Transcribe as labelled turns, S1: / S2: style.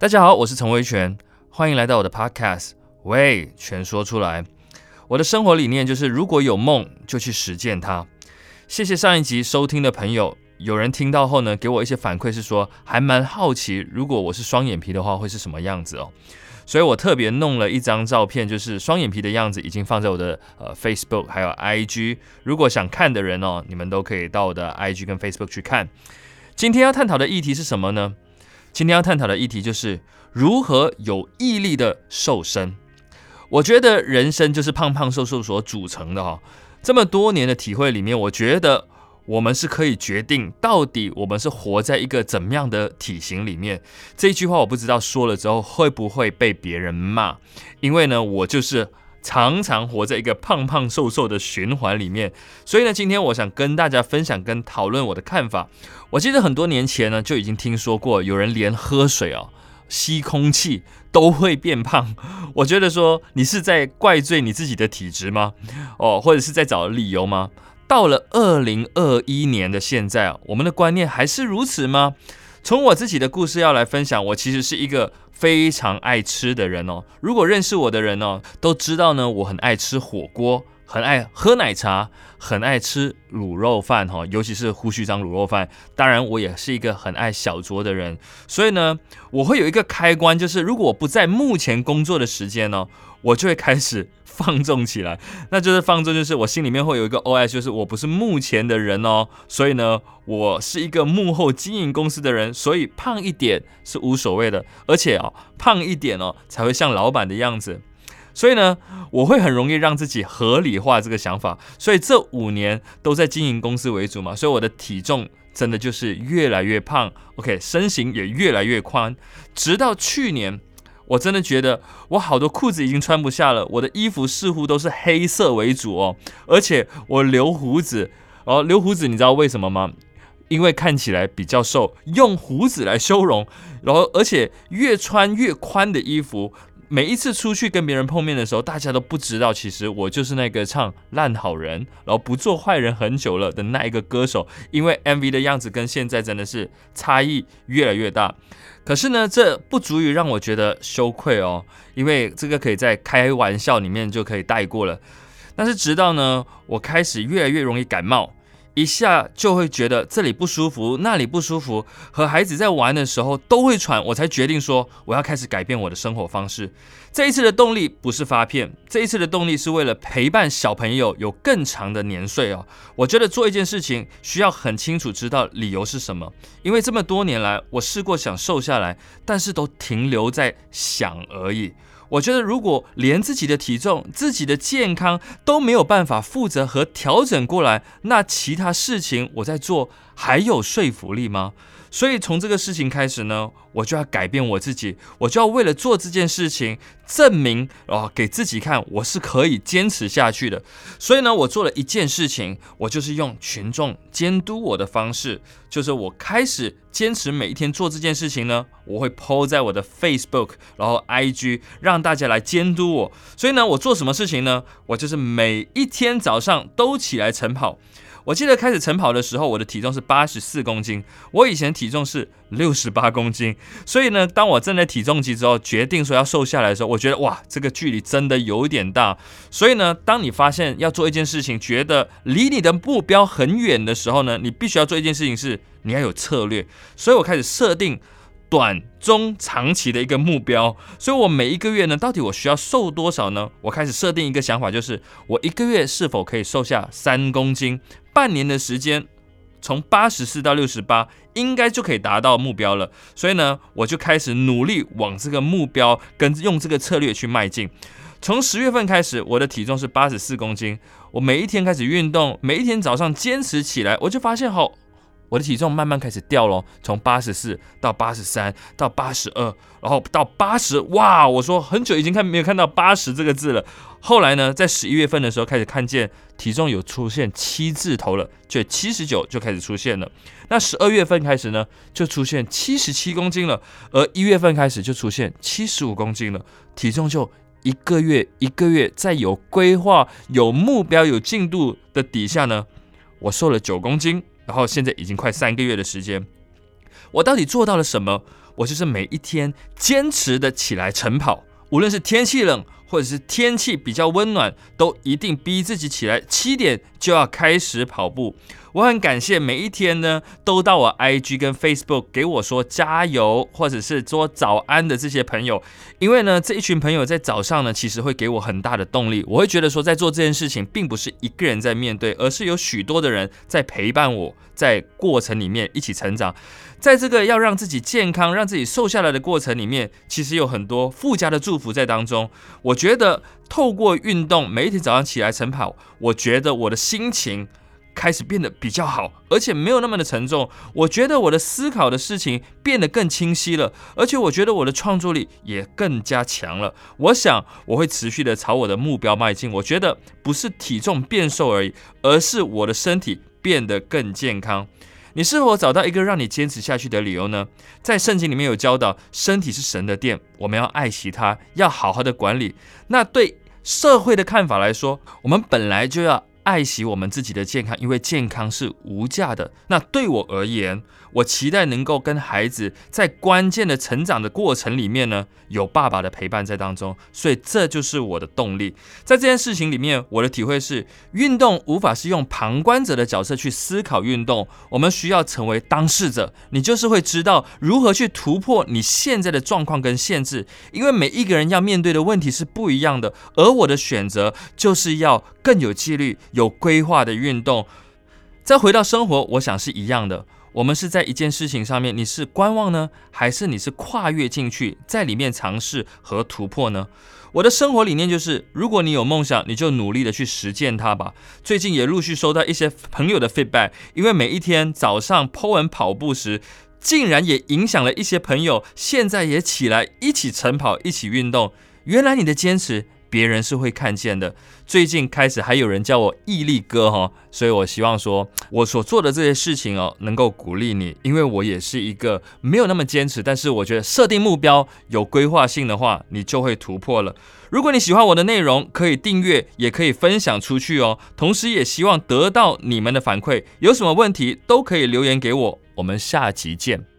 S1: 大家好，我是陳維全，歡迎來到我的 podcast。喂，全說出來。我的生活理念就是，如果有夢，就去實踐它。謝謝上一集收聽的朋友，有人聽到後呢，給我一些反饋，是說還蠻好奇，如果我是雙眼皮的話，會是什麼樣子哦？所以我特別弄了一張照片，就是雙眼皮的樣子，已經放在我的呃 Facebook 還有 IG。如果想看的人哦，你們都可以到我的 IG 跟 Facebook 去看。今天要探討的議題是什麼呢？今天要探討的議題就是如何有毅力的瘦身。我覺得人生就是胖胖瘦瘦所組成的哈、哦。這麼多年的體會裡面，我覺得我們是可以決定到底我們是活在一個怎麼樣的體型裡面。這句話我不知道說了之後會不會被別人罵，因為呢，我就是。常常活在一個胖胖瘦瘦的循環裡面，所以呢，今天我想跟大家分享跟討論我的看法。我記得很多年前呢，就已經聽說過有人連喝水哦、吸空氣都會變胖。我覺得說你是在怪罪你自己的體質嗎？哦，或者是在找理由嗎？到了二零二一年的現在啊，我們的觀念還是如此嗎？從我自己的故事要來分享，我其實是一個非常愛吃的人哦。如果認識我的人哦，都知道呢，我很愛吃火鍋。很愛喝奶茶，很愛吃滷肉飯哈，尤其是胡鬚張滷肉飯。當然，我也是一個很愛小酌的人，所以呢，我會有一個開關，就是如果我不在目前工作的時間呢、哦，我就會開始放縱起來。那就是放縱，就是我心裡面會有一個 OS，就是我不是目前的人哦，所以呢，我是一個幕後經營公司的人，所以胖一點是無所謂的，而且哦，胖一點哦才會像老闆的樣子。所以呢，我會很容易讓自己合理化這個想法。所以這五年都在經營公司為主嘛，所以我的體重真的就是越來越胖。OK，身形也越來越寬，直到去年，我真的覺得我好多褲子已經穿不下了。我的衣服似乎都是黑色為主哦，而且我留鬍子，哦，留鬍子你知道為什麼嗎？因為看起來比較瘦，用鬍子來修容，然後而且越穿越寬的衣服。每一次出去跟別人碰面的時候，大家都不知道，其實我就是那個唱爛好人，然後不做壞人很久了的那一個歌手。因為 MV 的樣子跟現在真的是差異越來越大，可是呢，這不足以讓我覺得羞愧哦，因為這個可以在開玩笑裡面就可以帶過了。但是直到呢，我開始越來越容易感冒。一下就會覺得這裡不舒服，那裡不舒服，和孩子在玩的時候都會喘，我才決定說我要開始改變我的生活方式。這一次的動力不是發片，這一次的動力是為了陪伴小朋友有更長的年歲哦。我覺得做一件事情需要很清楚知道理由是什麼，因為這麼多年來我試過想瘦下來，但是都停留在想而已。我覺得，如果連自己的體重、自己的健康都沒有辦法負責和調整過來，那其他事情我在做還有說服力嗎？所以從這個事情開始呢，我就要改變我自己，我就要為了做這件事情證明啊，然後給自己看我是可以堅持下去的。所以呢，我做了一件事情，我就是用群眾監督我的方式，就是我開始堅持每一天做這件事情呢，我會 PO 在我的 Facebook，然後 IG 讓大家來監督我。所以呢，我做什麼事情呢？我就是每一天早上都起來晨跑。我記得開始晨跑的時候，我的體重是八十四公斤，我以前體重是六十八公斤，所以呢，當我站在體重機之後，決定說要瘦下來的時候，我覺得哇，這個距離真的有點大，所以呢，當你發現要做一件事情，覺得離你的目標很遠的時候呢，你必須要做一件事情是你要有策略，所以我開始設定。短、中、長期的一個目標，所以我每一個月呢，到底我需要瘦多少呢？我開始設定一個想法，就是我一個月是否可以瘦下三公斤。半年的時間，從八十四到六十八，應該就可以達到目標了。所以呢，我就開始努力往這個目標跟用這個策略去邁進。從十月份開始，我的體重是八十四公斤，我每一天開始運動，每一天早上堅持起來，我就發現好。我的體重慢慢開始掉嘍，從八十四到八十三到八十二，然後到八十，哇！我說很久已經看沒有看到八十這個字了。後來呢，在十一月份的時候開始看見體重有出現七字頭了，就七十九就開始出現了。那十二月份開始呢，就出現七十七公斤了，而一月份開始就出現七十五公斤了。體重就一個月一個月，在有規劃、有目標、有進度的底下呢，我瘦了九公斤。然後現在已經快三個月的時間，我到底做到了什麼？我就是每一天堅持的起來晨跑，無論是天氣冷。或者是天氣比較溫暖，都一定逼自己起來，七點就要開始跑步。我很感謝每一天呢，都到我 IG 跟 Facebook 給我說加油，或者是說早安的這些朋友，因為呢這一群朋友在早上呢，其實會給我很大的動力。我會覺得說，在做這件事情，並不是一個人在面對，而是有許多的人在陪伴我，在過程裡面一起成長。在這個要讓自己健康、讓自己瘦下來的過程裡面，其實有很多附加的祝福在當中。我。我覺得透過運動，每一天早上起來晨跑，我覺得我的心情開始變得比較好，而且沒有那麼的沉重。我覺得我的思考的事情變得更清晰了，而且我覺得我的創作力也更加強了。我想我會持續的朝我的目標邁進。我覺得不是體重變瘦而已，而是我的身體變得更健康。你是否找到一個讓你堅持下去的理由呢？在聖經裡面有教導，身體是神的殿，我們要愛惜它，要好好的管理。那對社會的看法來說，我們本來就要愛惜我們自己的健康，因為健康是無價的。那對我而言，我期待能夠跟孩子在關鍵的成長的過程裡面呢，有爸爸的陪伴在當中，所以這就是我的動力。在這件事情裡面，我的體會是，運動無法是用旁觀者的角色去思考運動，我們需要成為當事者，你就是會知道如何去突破你現在的狀況跟限制。因為每一個人要面對的問題是不一樣的，而我的選擇就是要更有紀律、有規劃的運動。再回到生活，我想是一樣的。我們是在一件事情上面，你是觀望呢？還是你是跨越進去，在裡面嘗試和突破呢？我的生活理念就是，如果你有夢想，你就努力的去實踐它吧。最近也陸續收到一些朋友的 feedback，因為每一天早上 po 文跑步時，竟然也影響了一些朋友，現在也起來一起晨跑，一起運動。原來你的堅持。別人是會看見的。最近開始還有人叫我毅力哥哈哦，所以我希望說，我所做的這些事情哦，能夠鼓勵你，因為我也是一個沒有那麼堅持，但是我覺得設定目標有規劃性的話，你就會突破了。如果你喜歡我的內容，可以訂閱，也可以分享出去哦。同時也希望得到你們的反饋，有什麼問題都可以留言給我。我們下集見。